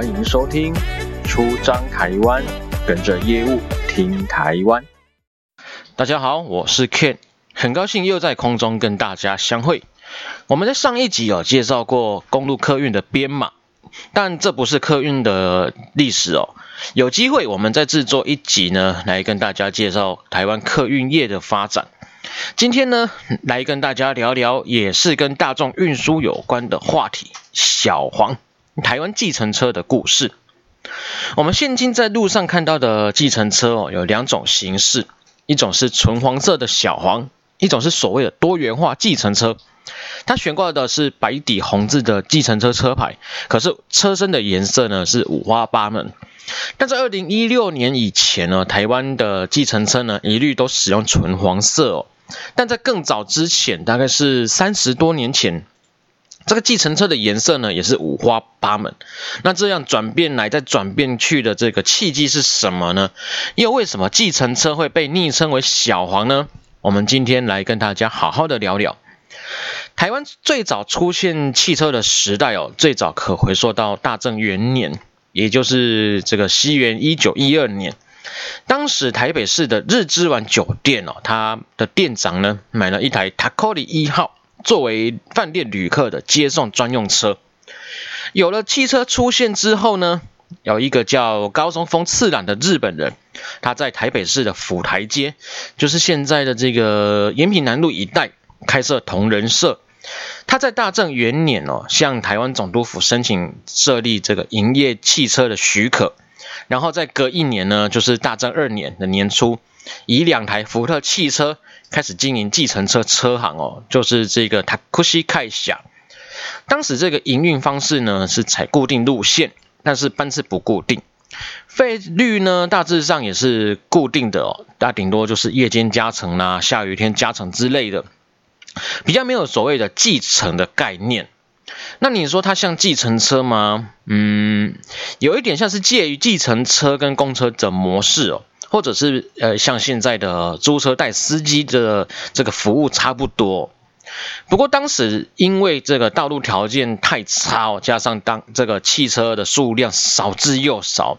歡迎收聽《出張台灣》，跟着業務聽台灣。大家好，我是 Ken，很高興又在空中跟大家相會。我們在上一集有介紹過公路客運的編碼，但這不是客運的歷史哦。有機會我們再制作一集呢，來跟大家介紹台灣客運業的發展。今天呢，來跟大家聊聊也是跟大眾運輸有關的話題——小黃。台灣計程車的故事，我們現今在路上看到的計程車哦，有兩種形式，一種是純黃色的小黃，一種是所謂的多元化計程車，它懸掛的是白底紅字的計程車車牌，可是車身的顏色呢是五花八門。但在二零一六年以前呢，台灣的計程車呢一律都使用純黃色哦，但在更早之前，大概是三十多年前。這個計程車的顏色呢，也是五花八門。那這樣轉變來再轉變去的這個契機是什麼呢？又為，為什麼計程車會被昵稱為“小黃”呢？我們今天來跟大家好好的聊聊。台灣最早出現汽車的時代哦，最早可回溯到大正元年，也就是這個西元一九一二年。當時台北市的日之丸酒店哦，它的店長呢，買了一台 Takori 一號。作為飯店旅客的接送專用車。有了汽車出現之後呢，有一個叫高松豐次郎的日本人，他在台北市的撫臺街，就是現在的這個延平南路一帶開設同仁社。他在大正元年哦，向台灣總督府申請設立這個營業汽車的許可，然後在隔一年呢，就是大正二年的年初，以兩台福特汽車開始經營計程車車行哦，就是這個 Takushi Kai。想當時這個營運方式呢，是採固定路線，但是班次不固定，費率呢大致上也是固定的哦，大頂多就是夜間加成啦、啊、下雨天加成之類的，比較沒有所謂的計程的概念。那你說它像計程車嗎？嗯，有一點像是介於計程車跟公車的模式哦。或者是呃，像現在的租車帶司機的這個服務差不多。不過當時因為這個道路條件太差哦，加上當這個汽車的數量少之又少，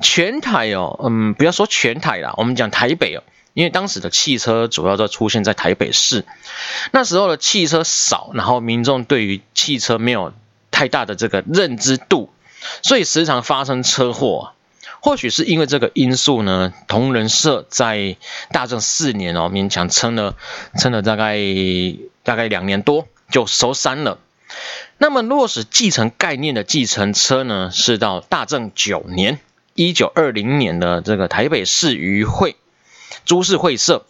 全台哦，嗯，不要說全台啦，我們講台北哦，因為當時的汽車主要都出現在台北市，那時候的汽車少，然後民眾對於汽車沒有太大的這個認知度，所以時常發生車禍。或許是因為這個因素呢，同仁社在大正四年哦，勉強撐了撐了大概大概兩年多就收山了。那麼落實計程概念的計程車呢，是到大正九年一九二零年的這個台北市余會株式會社，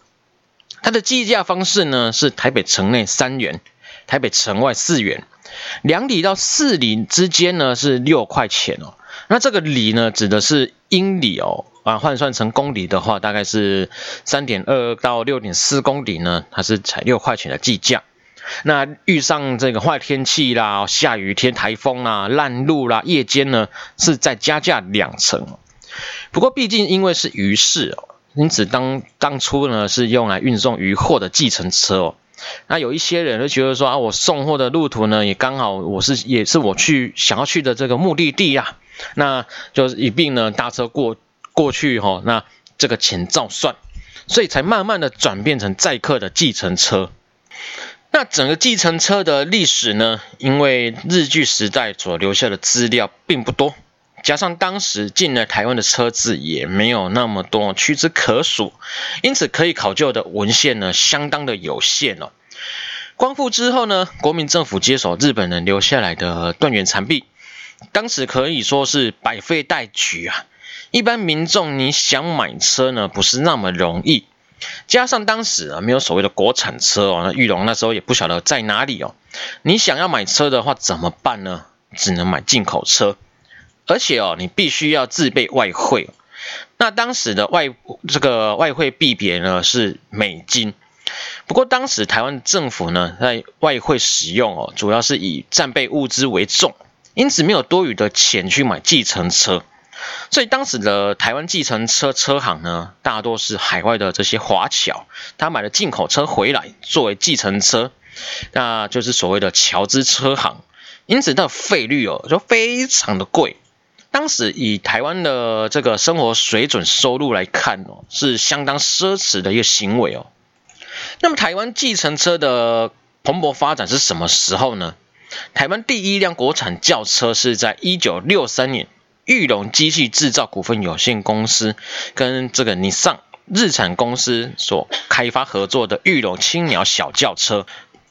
它的計價方式呢是台北城內三元，台北城外四元，兩里到四里之間呢是六塊錢哦。那這個里呢，指的是英里哦，啊，換算成公里的話，大概是三點二到六點四公里呢，它是才六塊錢的計價。那遇上這個壞天氣啦、下雨天、台風啦、啊、爛路啦，夜間呢，是再加價兩成。不過畢竟因為是漁市哦，因此當當初呢是用來運送漁貨的計程車哦，那有一些人都覺得說啊，我送貨的路途呢也剛好我是也是我去想要去的這個目的地呀、啊。那就是一併呢搭車過過去哈、哦，那這個錢照算，所以才慢慢的轉變成載客的計程車。那整個計程車的歷史呢，因為日據時代所留下的資料並不多，加上當時進來台灣的車子也沒有那麼多，屈指可數，因此可以考究的文獻呢相當的有限哦。光復之後呢，國民政府接手日本人留下來的斷垣殘壁。當時可以說是百廢待舉啊，一般民眾你想買車呢，不是那麼容易。加上當時啊，沒有所謂的國產車哦，那裕隆那時候也不曉得在哪裡哦。你想要買車的話怎麼辦呢？只能買進口車，而且哦，你必須要自備外匯。那當時的外，這個外匯幣別呢是美金。不過當時台灣政府呢，在外匯使用哦，主要是以戰備物資為重。因此沒有多餘的錢去買計程車，所以當時的台灣計程車車行呢，大多是海外的這些華僑，他買了進口車回來作為計程車，那就是所謂的僑資車行。因此，那費率哦就非常的貴。當時以台灣的這個生活水準、收入來看哦，是相當奢侈的一個行為哦。那麼，台灣計程車的蓬勃發展是什麼時候呢？台灣第一輛國產轎車是在1963年，裕隆機器製造股份有限公司跟這個尼桑日產公司所開發合作的裕隆青鳥小轎車。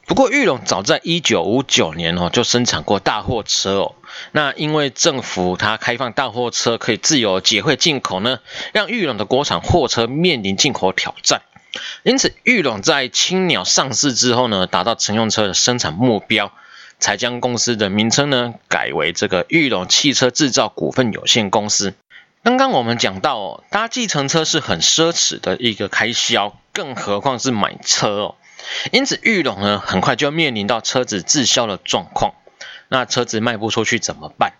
不過，裕隆早在1959年哦就生產過大貨車哦。那因為政府它開放大貨車可以自由結匯進口呢，讓裕隆的國產貨車面臨進口挑戰。因此，裕隆在青鳥上市之後呢，達到乘用車的生產目標。才將公司的名稱呢改為這個裕隆汽車製造股份有限公司。剛剛我們講到，哦，搭計程車是很奢侈的一個開銷，更何況是買車哦。因此，裕隆呢很快就面臨到車子滯銷的狀況。那車子賣不出去怎麼辦？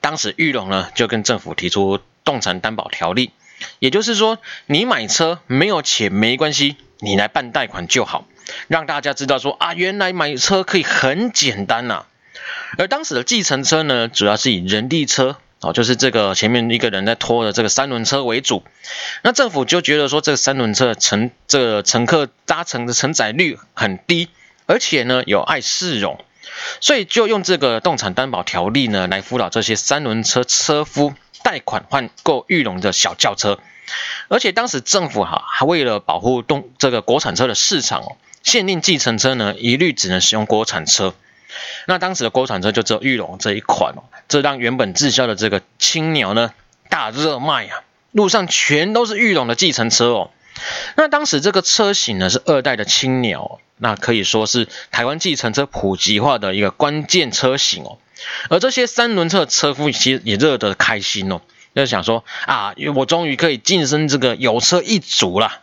當時裕隆呢就跟政府提出動產擔保條例，也就是說，你買車沒有錢沒關係，你來辦貸款就好。讓大家知道說啊，原來買車可以很簡單吶、啊。而當時的計程車呢，主要是以人力車哦，就是這個前面一個人在拖的這個三輪車為主。那政府就覺得說，這個三輪車乘這個乘客搭乘的承載率很低，而且呢有礙市容，所以就用這個動產擔保條例呢來輔導這些三輪車車夫貸款換購裕隆的小轎車。而且當時政府哈、啊、還為了保護動這個國產車的市場。限定計程車呢，一律只能使用國產車。那當時的國產車就只有裕隆這一款哦，這讓原本滯銷的這個青鳥呢大熱賣啊，路上全都是裕隆的計程車哦。那當時這個車型呢是二代的青鳥哦，那可以說是台灣計程車普及化的一個關鍵車型哦。而這些三輪車的車夫其實也熱得開心哦，就想說啊，我終於可以晉升這個有車一族了。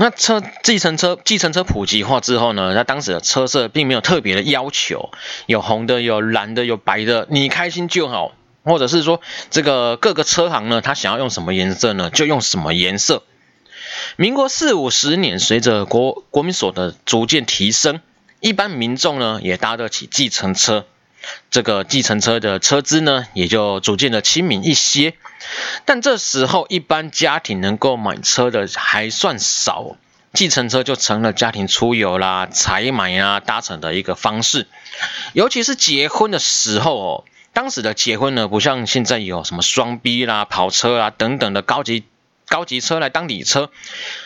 那車，計程車，計程車普及化之後呢，那當時的車色並沒有特別的要求，有紅的，有藍的，有白的，你開心就好，或者是說，這個各個車行呢，他想要用什麼顏色呢，就用什麼顏色。民國四五十年，隨着國國民所得逐漸提升，一般民眾呢，也搭得起計程車。這個計程車的車資呢，也就逐漸的親民一些。但這時候，一般家庭能夠買車的還算少，計程車就成了家庭出遊啦、採買啊搭乘的一個方式。尤其是結婚的時候，哦，當時的結婚呢，不像現在有什麼雙 B 啦、跑車啊等等的高級。高級車來當禮車，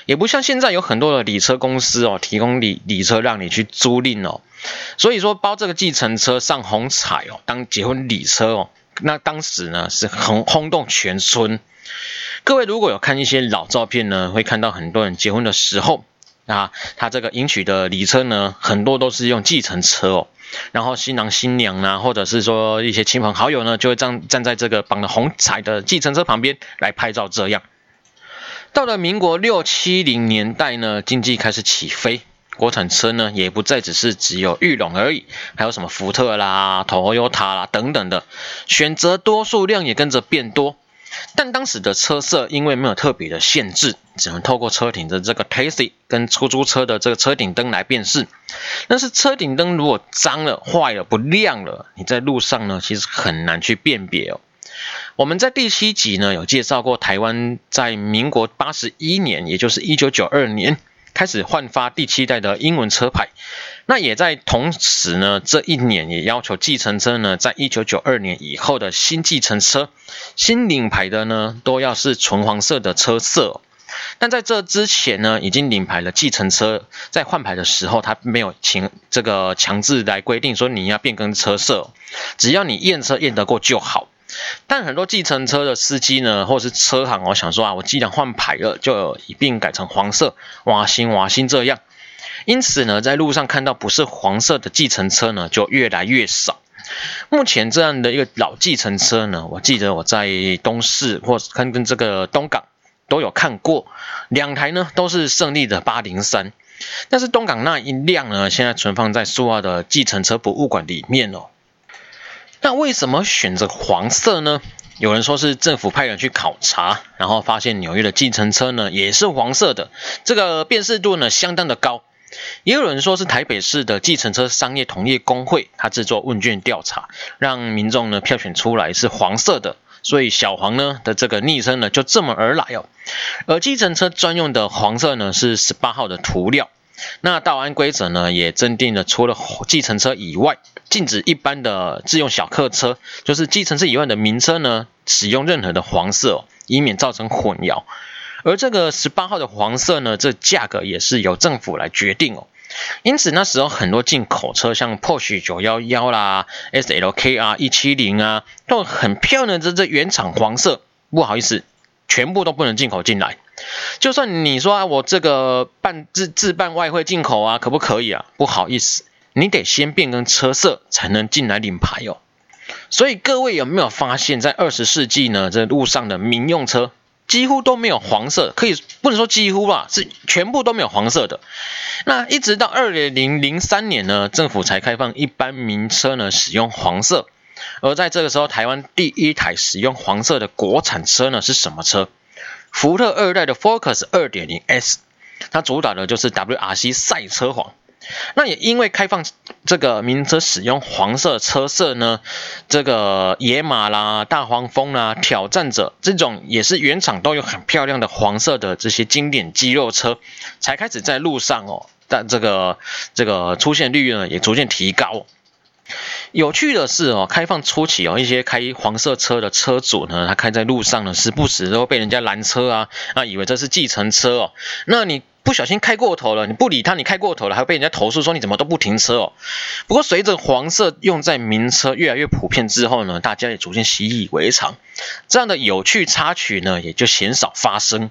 也不像現在有很多的禮車公司哦，提供禮禮車讓你去租賃哦。所以說包這個計程車上紅彩哦，當結婚禮車哦，那當時呢是很轟動全村。各位如果有看一些老照片呢，會看到很多人結婚的時候啊，他這個迎娶的禮車呢，很多都是用計程車哦，然後新郎新娘啊，或者是說一些親朋好友呢，就會站站在這個綁了紅彩的計程車旁邊來拍照，這樣。到了民國六七零年代呢，經濟開始起飛，國產車呢也不再只是只有裕隆而已，還有什麼福特啦、Toyota 啦等等的，選擇多數量也跟着變多。但當時的車色因為沒有特別的限制，只能透過車頂的這個 TAXI 跟出租車的這個車頂燈來辨識。但是車頂燈如果髒了、壞了、不亮了，你在路上呢其實很難去辨別哦。我們在第七集呢有介紹過，台灣在民國八十一年，也就是一九九二年開始換發第七代的英文車牌。那也在同時呢，這一年也要求計程車呢，在一九九二年以後的新計程車，新領牌的呢，都要是純黃色的車色。但在這之前呢，已經領牌了計程車，在換牌的時候，它沒有強這個強制來規定說你要變更車色，只要你驗車驗得過就好。但很多計程車的司機呢，或是車行，我想說啊，我既然換牌了，就一併改成黃色，哇新哇新這樣。因此呢，在路上看到不是黃色的計程車呢，就越來越少。目前這樣的一個老計程車呢，我記得我在東市或看跟這個東港都有看過兩台呢，都是勝利的八零三。但是東港那一輛呢，現在存放在蘇澳的計程車博物館裡面哦。那為什麼選擇黃色呢？有人說是政府派人去考察，然後發現紐約的計程車呢也是黃色的，這個辨識度呢相當的高。也有人說是台北市的計程車商業同業公會，他制作問卷調查，讓民眾呢票選出來是黃色的，所以小黃呢的這個昵稱呢就這麼而來哦。而計程車專用的黃色呢是十八號的塗料，那道安規則呢也訂定了，除了計程車以外。禁止一般的自用小客車，就是計程車以外的民車呢，使用任何的黃色哦，以免造成混淆。而這個十八號的黃色呢，這價格也是由政府來決定哦。因此那時候很多進口車，像 Porsche 911啦，SLK R 一七零啊，都很漂亮的這這原廠黃色，不好意思，全部都不能進口進來。就算你說啊，我這個辦自自辦外匯進口啊，可不可以啊？不好意思。你得先變更車色才能進來領牌哦，所以各位有沒有發現，在二十世紀呢，這路上的民用車幾乎都沒有黃色，可以不能說幾乎吧，是全部都沒有黃色的。那一直到二零零三年呢，政府才開放一般民車呢使用黃色。而在這個時候，台灣第一台使用黃色的國產車呢是什麼車？福特二代的 Focus 二點零 S，它主打的就是 WRC 賽車黃。那也因為開放這個民車使用黃色車色呢，這個野馬啦、大黃蜂啦、挑戰者這種也是原廠都有很漂亮的黃色的這些經典肌肉車，才開始在路上哦，但這個這個出現率呢也逐漸提高。有趣的是哦，開放初期哦，一些開黃色車的車主呢，他開在路上呢，時不時都被人家攔車啊，那、啊、以為這是計程車哦，那你。不小心開過頭了，你不理他，你開過頭了，還會被人家投訴說你怎麼都不停車哦。不過隨着黃色用在民車越來越普遍之後呢，大家也逐漸習以為常，這樣的有趣插曲呢也就鮮少發生。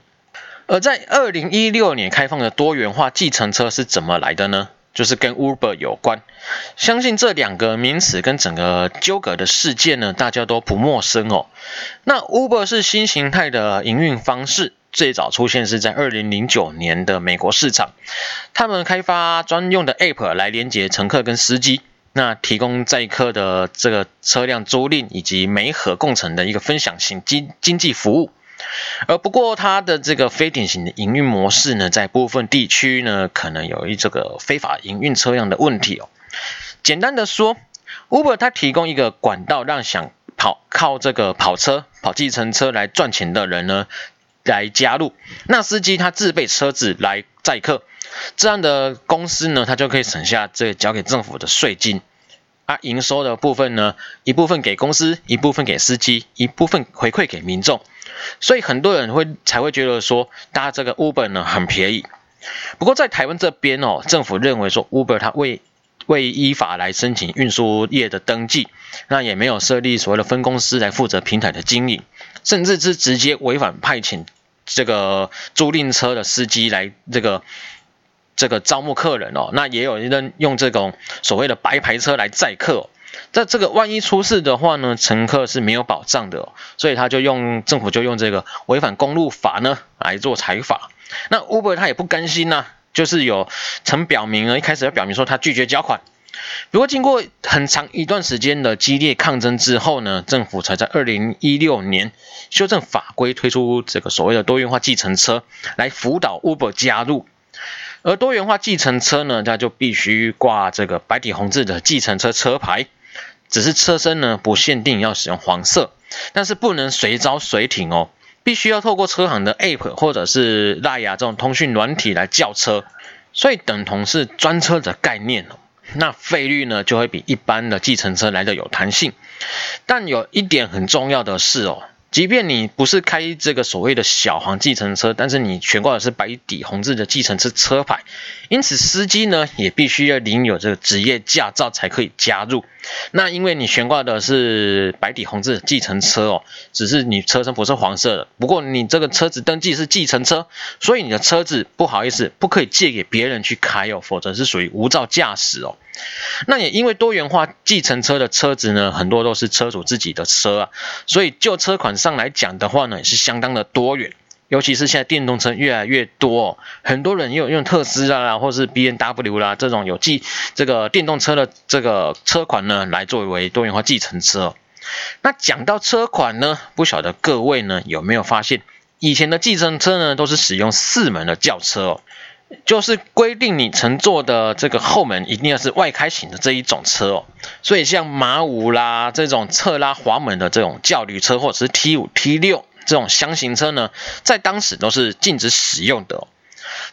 而在二零一六年開放的多元化計程車是怎麼來的呢？就是跟 Uber 有關，相信這兩個名詞跟整個糾葛的事件呢大家都不陌生哦。那 Uber 是新形態的營運方式。最早出現是在二零零九年的美國市場，他們開發專用的 App 來連接乘客跟司機，那提供載客的這個車輛租賃以及媒合共乘的一個分享型經經濟服務。而不過它的這個非典型的營運模式呢，在部分地區呢可能有一這個非法營運車輛的問題哦。簡單的說，Uber 他提供一個管道，讓想跑靠這個跑車跑計程車來賺錢的人呢。來加入，那司機他自備車子來載客，這樣的公司呢，他就可以省下這個交給政府的稅金，啊，營收的部分呢，一部分給公司，一部分給司機，一部分回饋給民眾，所以很多人會才會覺得說，搭這個 Uber 呢很便宜。不過在台灣這邊哦，政府認為說 Uber 它未未依法來申請運輸業的登記，那也沒有設立所謂的分公司來負責平台的經營。甚至是直接違反派遣這個租賃車的司機來這個這個招募客人哦，那也有人用這種所謂的白牌車來載客，哦。在這個萬一出事的話呢，乘客是沒有保障的，哦，所以他就用政府就用這個違反公路法呢來做裁罰。那 Uber 他也不甘心吶，啊，就是有曾表明呢，一開始要表明說他拒絕繳款。不過，經過很長一段時間的激烈抗爭之後呢，政府才在二零一六年修正法規，推出這個所謂的多元化計程車，來輔導 Uber 加入。而多元化計程車呢，它就必須掛這個白底紅字的計程車車牌，只是車身呢不限定要使用黃色，但是不能隨招隨停哦，必須要透過車行的 App 或者是拉雅這種通訊軟體來叫車，所以等同是專車的概念哦。那費率呢，就會比一般的計程車來的有彈性，但有一點很重要的是哦。即便你不是開這個所謂的“小黃”計程車，但是你懸掛的是白底紅字的計程車車牌，因此司機呢也必須要領有這個職業駕照才可以加入。那因為你懸掛的是白底紅字的計程車哦，只是你車身不是黃色的，不過你這個車子登記是計程車，所以你的車子不好意思，不可以借給別人去開哦，否則是屬於無照駕駛哦。那也因為多元化計程車的車子呢，很多都是車主自己的車，啊、所以就車款上來講的話呢，也是相當的多元。尤其是現在電動車越來越多，哦，很多人用用特斯拉，啊、啦，或是 B N W 啦，啊、這種有計這個電動車的這個車款呢，來作為多元化計程車，哦。那講到車款呢，不曉得各位呢有沒有發現，以前的計程車呢都是使用四門的轎車哦。就是規定你乘坐的這個後門一定要是外開型的這一種車哦，所以像馬五啦這種側拉滑門的這種轎旅車，或者是 T 五 T 六這種廂型車呢，在當時都是禁止使用的哦。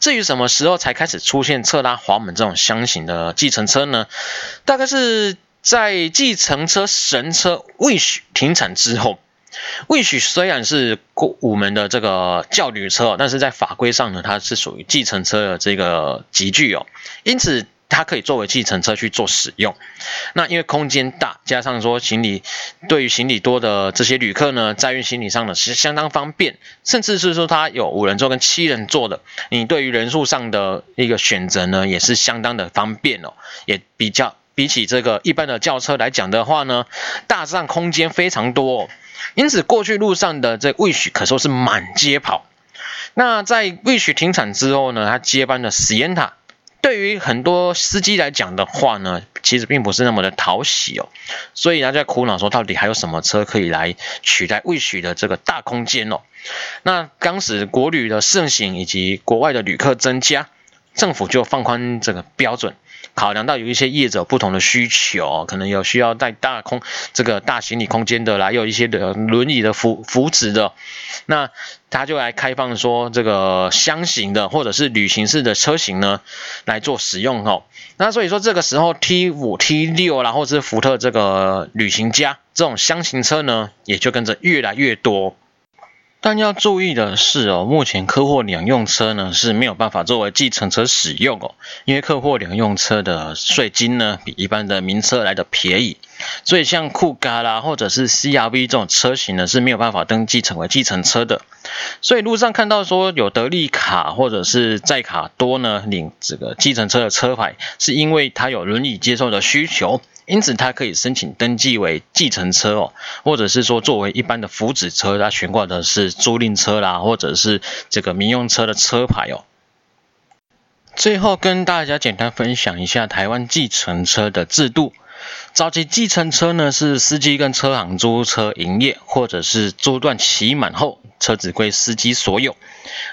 至於什麼時候才開始出現側拉滑門這種箱型的計程車呢？大概是在計程車神車 Wish 停產之後。Wish 雖然是我們的這個教旅車，但是在法規上呢，它是屬於計程車的這個集聚哦，因此它可以作為計程車去做使用。那因為空間大，加上說行李，對於行李多的這些旅客呢，在運行李上呢是相當方便，甚至是說它有五人座跟七人座的，你對於人數上的一個選擇呢，也是相當的方便哦，也比較比起這個一般的轎車來講的話呢，大致上空間非常多、哦。因此，過去路上的這 Wish 可說是滿街跑。那在 Wish 停產之後呢，他接班的 Sienta，對於很多司機來講的話呢，其實並不是那麼的討喜哦。所以，大家苦惱說，到底還有什麼車可以來取代 Wish 的這個大空間哦？那當時國旅的盛行以及國外的旅客增加，政府就放寬這個標準。考量到有一些業者不同的需求，可能有需要帶大空，這個大行李空間的啦，來有一些的輪椅的扶扶持的，那他就來開放說這個箱型的或者是旅行式的車型呢來做使用吼、喔、那所以說這個時候 T 五 T 六啦，或者是福特這個旅行家這種箱型車呢，也就跟着越來越多。但要注意的是哦，目前客貨兩用車呢是沒有辦法作為計程車使用哦，因為客貨兩用車的稅金呢比一般的民車來的便宜，所以像酷咖啦或者是 CRV 這種車型呢是沒有辦法登記成為計程車的。所以路上看到說有得利卡或者是載卡多呢領這個計程車的車牌，是因為它有輪椅接受的需求。因此，它可以申請登記為計程車哦，或者是說作為一般的福祉車，它懸掛的是租賃車啦，或者是這個民用車的車牌哦。最後跟大家簡單分享一下台灣計程車的制度。早期計程車呢是司機跟車行租車營業，或者是租段期滿後車子歸司機所有，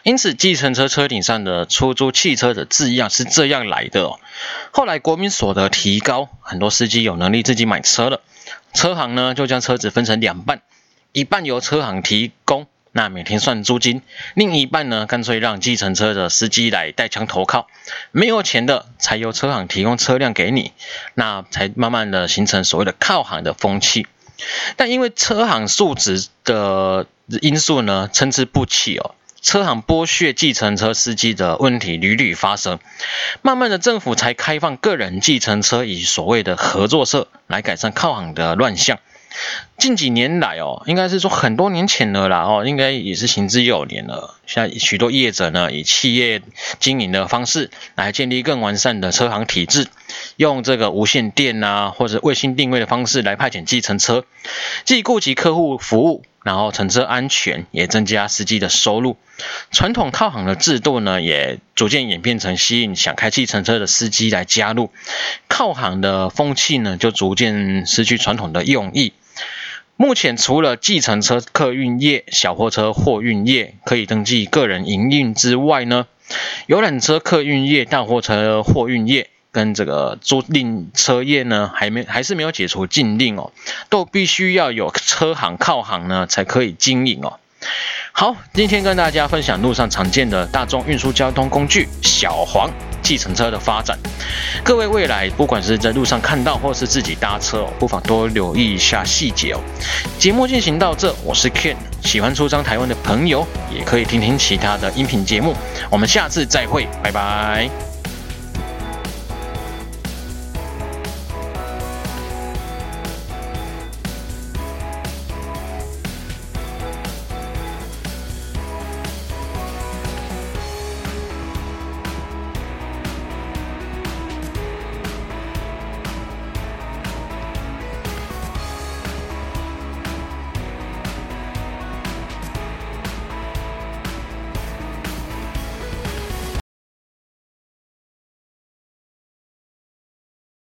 因此計程車車頂上的出租汽車的字樣是這樣來的哦。後來國民所得提高，很多司機有能力自己買車了，車行呢就將車子分成兩半，一半由車行提供。那每天算租金，另一半呢，乾脆讓計程車的司機來帶槍投靠，沒有錢的才由車行提供車輛給你，那才慢慢的形成所謂的靠行的風氣。但因為車行素質的因素呢，參差不齊哦，車行剝削計程車司機的問題屢屢發生，慢慢的政府才開放個人計程車以所謂的合作社來改善靠行的亂象。近幾年來哦，應該是說很多年前了啦哦，應該也是行之有年了。像許多業者呢，以企業經營的方式來建立更完善的車行體制，用這個無線電吶啊，或者衛星定位的方式來派遣計程車，既顧及客戶服務，然後乘車安全，也增加司機的收入。傳統靠行的制度呢，也逐漸演變成吸引想開計程車的司機來加入靠行的風氣呢，就逐漸失去傳統的用意。目前，除了計程車客運業、小貨車貨運業可以登記個人營運之外呢，遊覽車客運業、大貨車貨運業跟這個租賃車業呢，還沒還是沒有解除禁令哦，都必須要有車行靠行呢才可以經營哦。好，今天跟大家分享路上常見的大眾運輸交通工具——小黃計程車的發展。各位未來不管是在路上看到或是自己搭車哦，不妨多留意一下細節哦。節目進行到這，我是 Ken，喜歡出張台灣的朋友也可以聽聽其他的音頻節目。我們下次再會，拜拜。